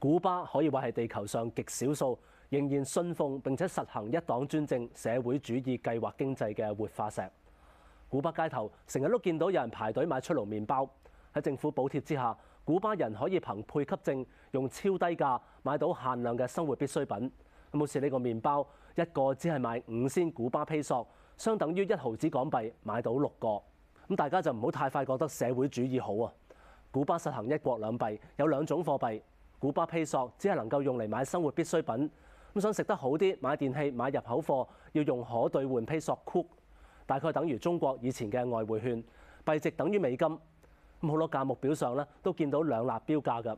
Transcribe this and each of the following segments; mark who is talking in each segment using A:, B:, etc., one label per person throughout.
A: 古巴可以話係地球上極少數仍然信奉並且實行一黨專政社會主義計劃經濟嘅活化石。古巴街頭成日都見到有人排隊買出爐麵包，喺政府補貼之下，古巴人可以憑配給證用超低價買到限量嘅生活必需品。好似呢個麵包一個只係賣五仙古巴披索，相等於一毫子港幣買到六個。咁大家就唔好太快覺得社會主義好啊！古巴實行一國兩幣，有兩種貨幣。古巴披索只係能夠用嚟買生活必需品，咁想食得好啲、買電器、買入口貨，要用可兌換披索 CUC 大概等於中國以前嘅外匯券，幣值等於美金。咁好多價目表上咧都見到兩立標價嘅，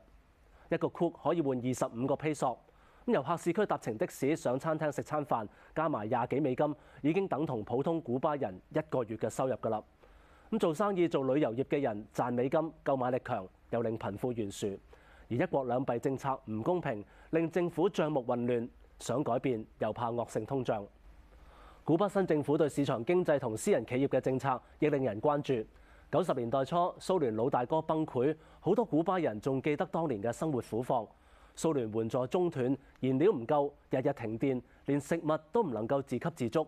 A: 一個 CUC 可以換二十五個披索。咁由客市區搭程的士上餐廳食餐飯，加埋廿幾美金，已經等同普通古巴人一個月嘅收入㗎啦。咁做生意做旅遊業嘅人賺美金，購買力強，又令貧富懸殊。而一國兩幣政策唔公平，令政府帳目混亂，想改變又怕惡性通脹。古巴新政府對市場經濟同私人企業嘅政策亦令人關注。九十年代初，蘇聯老大哥崩潰，好多古巴人仲記得當年嘅生活苦況。蘇聯援助中斷，燃料唔夠，日日停電，連食物都唔能夠自給自足。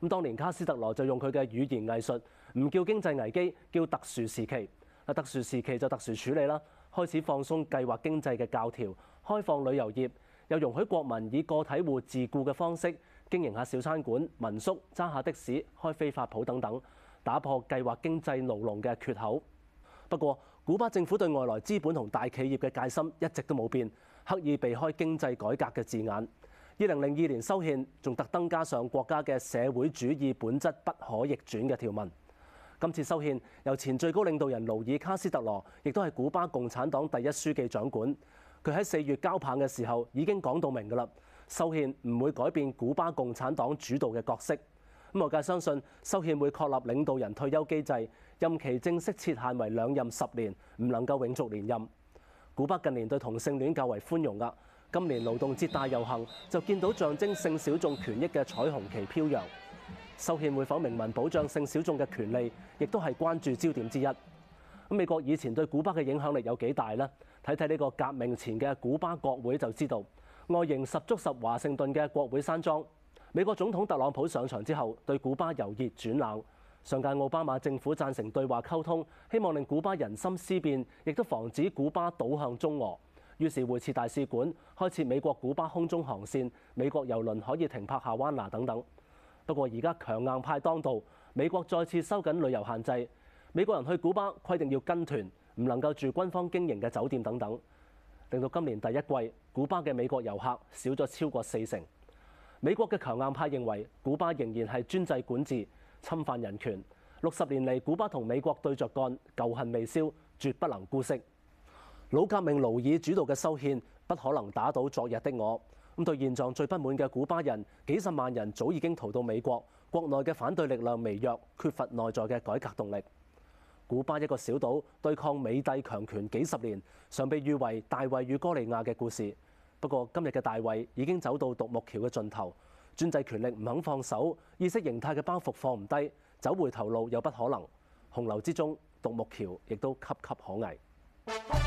A: 咁當年卡斯特羅就用佢嘅語言藝術，唔叫經濟危機，叫特殊時期。特殊時期就特殊處理啦。開始放鬆計劃經濟嘅教條，開放旅遊業，又容許國民以個體戶自雇嘅方式經營下小餐館、民宿、揸下的士、開飛髮鋪等等，打破計劃經濟牢籠嘅缺口。不過，古巴政府對外來資本同大企業嘅戒心一直都冇變，刻意避開經濟改革嘅字眼。二零零二年修憲，仲特登加上國家嘅社會主義本質不可逆轉嘅條文。今次修憲，由前最高領導人勞爾卡斯特羅，亦都係古巴共產黨第一書記掌管。佢喺四月交棒嘅時候已經講到明㗎啦，修憲唔會改變古巴共產黨主導嘅角色。咁外界相信修憲會確立領導人退休機制，任期正式設限為兩任十年，唔能夠永續連任。古巴近年對同性戀較為寬容㗎，今年勞動節大遊行就見到象徵性小眾權益嘅彩虹旗飄揚。修憲會否明文保障性小眾嘅權利，亦都係關注焦點之一。咁美國以前對古巴嘅影響力有幾大呢？睇睇呢個革命前嘅古巴國會就知道。外形十足十華盛頓嘅國會山莊，美國總統特朗普上場之後，對古巴由熱轉冷。上屆奧巴馬政府贊成對話溝通，希望令古巴人心思變，亦都防止古巴倒向中俄。於是會設大使館，開設美國古巴空中航線，美國郵輪可以停泊夏灣拿等等。不過而家強硬派當道，美國再次收緊旅遊限制，美國人去古巴規定要跟團，唔能夠住軍方經營嘅酒店等等，令到今年第一季古巴嘅美國遊客少咗超過四成。美國嘅強硬派認為古巴仍然係專制管治，侵犯人權，六十年嚟古巴同美國對著幹，舊恨未消，絕不能姑息。老革命勞爾主導嘅修憲不可能打倒昨日的我。對現狀最不滿嘅古巴人，幾十萬人早已經逃到美國，國內嘅反對力量微弱，缺乏內在嘅改革動力。古巴一個小島，對抗美帝強權幾十年，常被譽為大衛與哥利亞嘅故事。不過今日嘅大衛已經走到獨木橋嘅盡頭，專制權力唔肯放手，意識形態嘅包袱放唔低，走回頭路又不可能。洪流之中，獨木橋亦都岌岌可危。